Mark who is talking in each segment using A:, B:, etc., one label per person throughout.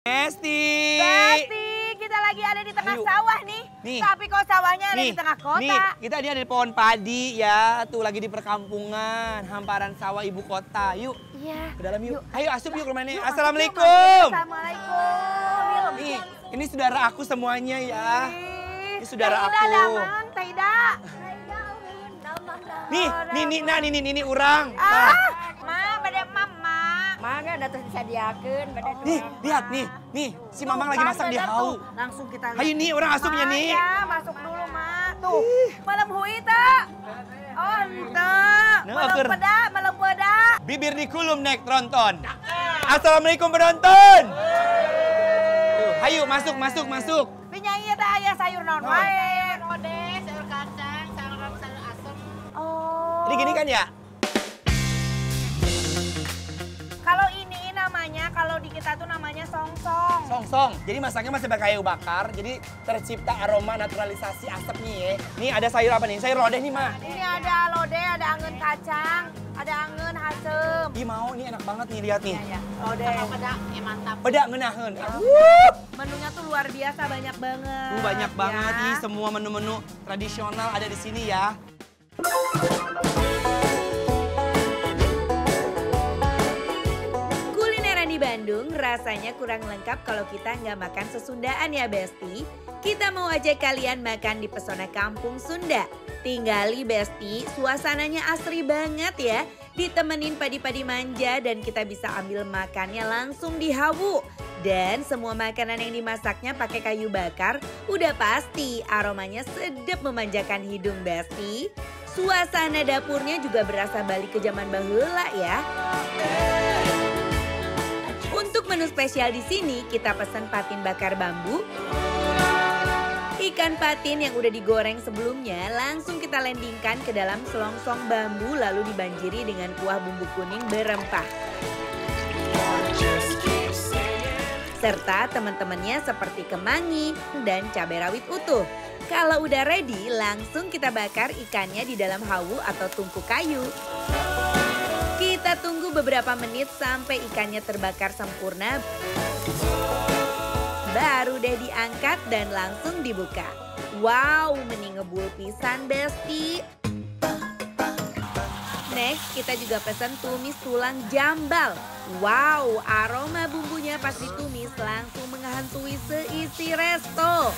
A: Besti. Besti,
B: kita lagi ada di tengah Ayu. sawah nih. nih. Tapi kok sawahnya nih. ada di tengah kota. Nih,
A: kita ini ada di pohon padi ya. Tuh lagi di perkampungan, hamparan sawah ibu kota. Yuk. Iya. Ke dalam yuk. yuk. Ayo asup yuk rumah Yuk, Assalamualaikum.
B: Assalamualaikum. Nih,
A: ini saudara aku semuanya ya.
B: Ini saudara Taida, aku. Tidak, Taida. Taida,
A: Nih, nih, nih, nah, nih, nih, nih, orang. nih, ah, Nah
B: ada terus diakun. Oh.
A: Nih, lihat nih, nih si Mamang lagi masak di hau.
B: Langsung kita lihat. Ayo nih, orang asupnya nih. Ya, masuk dulu, Ma. Tuh, malam hui tak. Oh, entah. Malam peda, malam peda.
A: Bibir di kulum naik tronton. Assalamualaikum penonton. Tuh, ayo masuk, masuk, masuk.
B: Penyanyi iya, tak ayah sayur non nah. wae. kode, sayur kacang, sayur
A: kacang sayur Oh. Jadi gini kan ya?
B: Kalau kita tuh namanya songsong.
A: Songsong. Jadi masaknya masih pakai kayu bakar. Jadi tercipta aroma naturalisasi asap nih ya. Ini ada sayur apa nih? Sayur lodeh nih, Ma.
B: Ini ada lodeh, ada angin kacang, ada angin hasem. Ih mau, ini enak banget nih lihat nih. Iya, iya. Lodeh. Sama pedak, ya mantap.
A: Pedak ngenahen. Ya. Wuh.
B: Menunya tuh luar biasa, banyak banget.
A: Uh, banyak banget ya. nih semua menu-menu tradisional ada di sini ya.
B: Bandung rasanya kurang lengkap kalau kita nggak makan sesundaan ya Besti. Kita mau ajak kalian makan di pesona kampung Sunda. Tinggali Besti, suasananya asri banget ya. Ditemenin padi-padi manja dan kita bisa ambil makannya langsung di hawu. Dan semua makanan yang dimasaknya pakai kayu bakar, udah pasti aromanya sedap memanjakan hidung Besti. Suasana dapurnya juga berasa balik ke zaman bahula ya menu spesial di sini kita pesan patin bakar bambu, Ikan patin yang udah digoreng sebelumnya langsung kita landingkan ke dalam selongsong bambu lalu dibanjiri dengan kuah bumbu kuning berempah. Serta teman-temannya seperti kemangi dan cabai rawit utuh. Kalau udah ready, langsung kita bakar ikannya di dalam hawu atau tungku kayu. Kita tunggu beberapa menit sampai ikannya terbakar sempurna. Baru deh diangkat dan langsung dibuka. Wow, meni ngebul pisan besti. Next, kita juga pesan tumis tulang jambal. Wow, aroma bumbunya pas ditumis langsung menghantui seisi resto.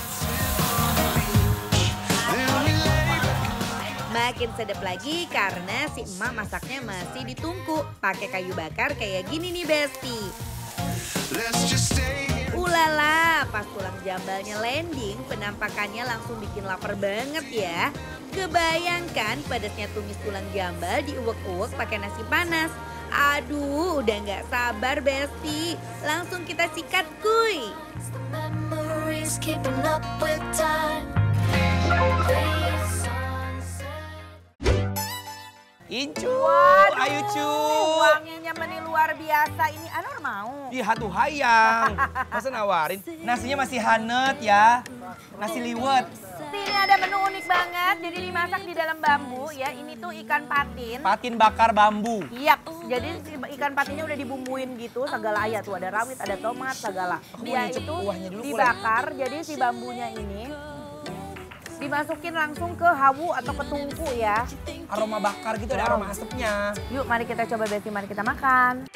B: Makin sedap lagi karena si emak masaknya masih ditungku pakai kayu bakar kayak gini nih Besti. Ulala, pas tulang jambalnya landing, penampakannya langsung bikin lapar banget ya. Kebayangkan pedasnya tumis tulang jambal diuwek-uwek pakai nasi panas. Aduh, udah nggak sabar Besti. Langsung kita sikat kuy. keeping up with time.
A: Incu, Waduh, ayo cu.
B: Wanginya meni luar biasa ini. Anur mau. Ih, hatu hayang.
A: Masa nawarin? Nasinya masih hanet ya.
B: Nasi liwet. ini ada menu unik banget. Jadi dimasak di dalam bambu ya. Ini tuh ikan patin.
A: Patin bakar bambu.
B: Iya. Jadi ikan patinnya udah dibumbuin gitu segala ya tuh ada rawit, ada tomat, segala.
A: Dia itu dibakar. Jadi si bambunya
B: ini Dimasukin langsung ke hawu atau ke tungku ya.
A: Aroma bakar gitu, ada aroma asapnya.
B: Yuk mari kita coba Besti, mari kita makan.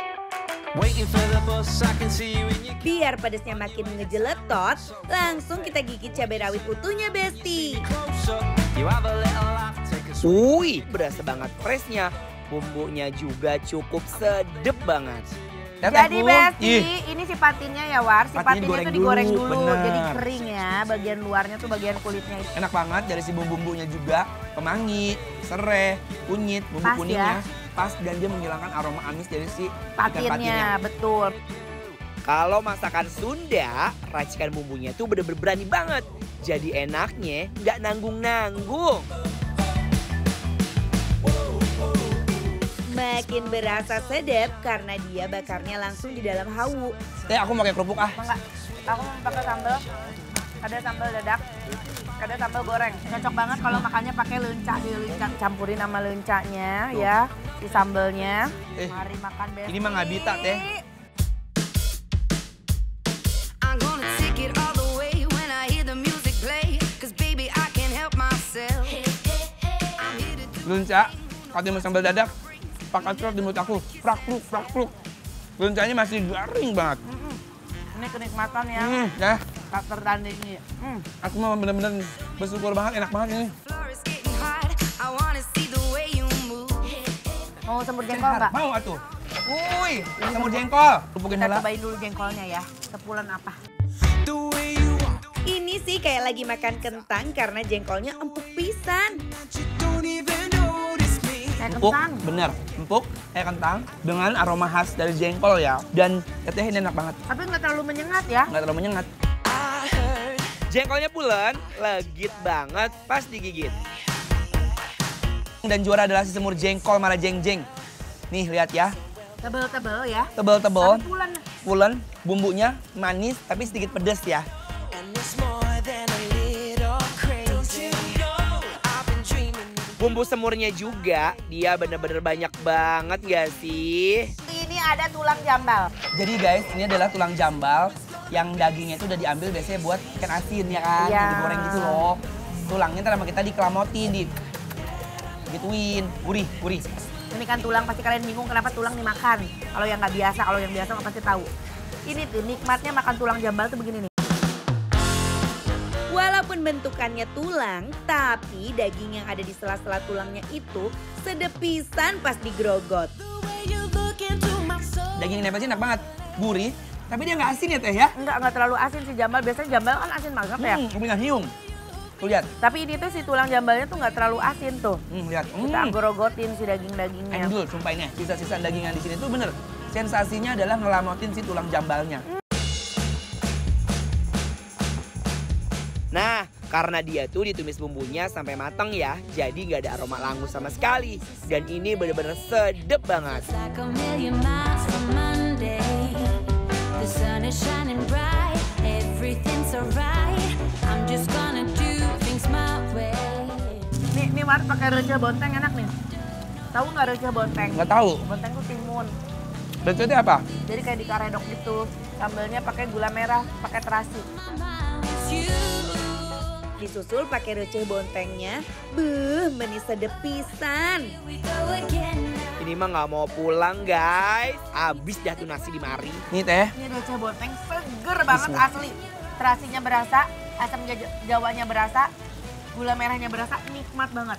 B: Biar pedasnya makin ngejeletot, langsung kita gigit cabai rawit utuhnya Besti.
A: Wih, berasa banget freshnya. Bumbunya juga cukup sedep banget. Dan Jadi Besti,
B: ini si patinnya ya War, si patinnya, digoreng dulu, dulu. jadi kering
A: ya, bagian luarnya tuh bagian kulitnya itu. Enak banget dari si bumbu-bumbunya juga, kemangi, serai, kunyit, bumbu pas ya. kuningnya ya? pas dan dia menghilangkan aroma amis dari si patinnya, patinnya. betul. Kalau masakan Sunda, racikan bumbunya tuh bener-bener berani banget. Jadi enaknya nggak nanggung-nanggung.
B: Makin berasa sedap karena dia bakarnya langsung di dalam hawu. Teh, aku pakai kerupuk ah. Enggak. Aku mau pakai sambal. Ada sambal dadak, ada sambal goreng. Cocok banget kalau makannya pakai di lenca campurin sama lencanya Tuh. ya di sambalnya.
A: Eh, Mari makan besok. Ini mah ngabita, Teh. Lunca, mau sambal dadak, pakan cerot di mulut aku prak pluk prak pluk lencahnya masih garing banget mm -mm.
B: ini kenikmatan yang mm, ya tak tertandingi mm.
A: aku memang bener-bener bersyukur banget enak banget ini
B: mau semur jengkol nggak mau
A: atuh Wuih, semur jengkol. Lupukin Kita cobain
B: dulu jengkolnya ya, sepulan apa. Ini sih kayak lagi makan kentang karena jengkolnya empuk pisan empuk, kentang. bener,
A: empuk, kayak kentang dengan aroma khas dari jengkol ya. Dan ketiaknya ini enak banget. Tapi nggak terlalu menyengat ya? Nggak terlalu menyengat. Jengkolnya pulen, legit banget pas digigit. Dan juara adalah si semur jengkol malah jeng-jeng. Nih lihat ya. Tebel-tebel ya. Tebel-tebel. Pulen. Pulen, bumbunya manis tapi sedikit pedes ya. bumbu semurnya juga dia bener-bener banyak banget gak sih?
B: Ini ada tulang jambal.
A: Jadi guys, ini adalah tulang jambal yang dagingnya itu udah diambil biasanya buat ikan asin ya kan, ya. yang digoreng gitu loh. Tulangnya ntar sama kita dikelamotin, di gituin, gurih, gurih.
B: Ini kan tulang pasti kalian bingung kenapa tulang dimakan. Kalau yang nggak biasa, kalau yang biasa pasti tahu. Ini tuh nikmatnya makan tulang jambal tuh begini nih. Walaupun bentukannya tulang, tapi daging yang ada di sela-sela tulangnya itu sedepisan pas digrogot. Daging
A: yang sih enak banget, gurih, tapi dia nggak asin ya teh ya? Nggak, nggak terlalu asin si jambal. Biasanya jambal kan asin banget ya. Hmm, nggak hiung. Tuh lihat. Tapi ini tuh si tulang jambalnya tuh nggak terlalu asin tuh. Hmm, lihat. Hmm. Kita gorogotin si daging-dagingnya. Endul, sumpah ini. Ya. Sisa-sisa daging yang di sini tuh bener. Sensasinya adalah ngelamotin si tulang jambalnya. Hmm. Karena dia tuh ditumis bumbunya sampai matang ya, jadi nggak ada aroma langus sama sekali. Dan ini bener-bener sedep banget.
B: Nih, nih Mar pakai rujak bonteng enak nih. Tahu nggak rujak bonteng? Nggak tahu. Bonteng tuh timun. Rujak itu apa? Jadi kayak di karedok gitu. Sambalnya pakai gula merah, pakai terasi. Mama, disusul pakai receh bontengnya.
A: Beuh, menis sedep Ini mah nggak mau pulang guys. Abis dah tuh nasi di mari. Ini teh.
B: Ini receh bonteng seger banget asli. Terasinya berasa, asam jawanya berasa, gula merahnya berasa, nikmat banget.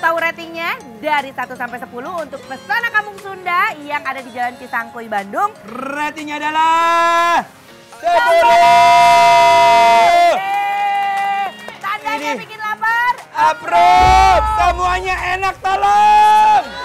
B: tahu ratingnya dari 1 sampai 10 untuk Pesona Kampung Sunda yang ada di Jalan Cisangkui, Bandung.
A: Ratingnya adalah 10. Tandanya bikin lapar. Approve. Semuanya enak tolong.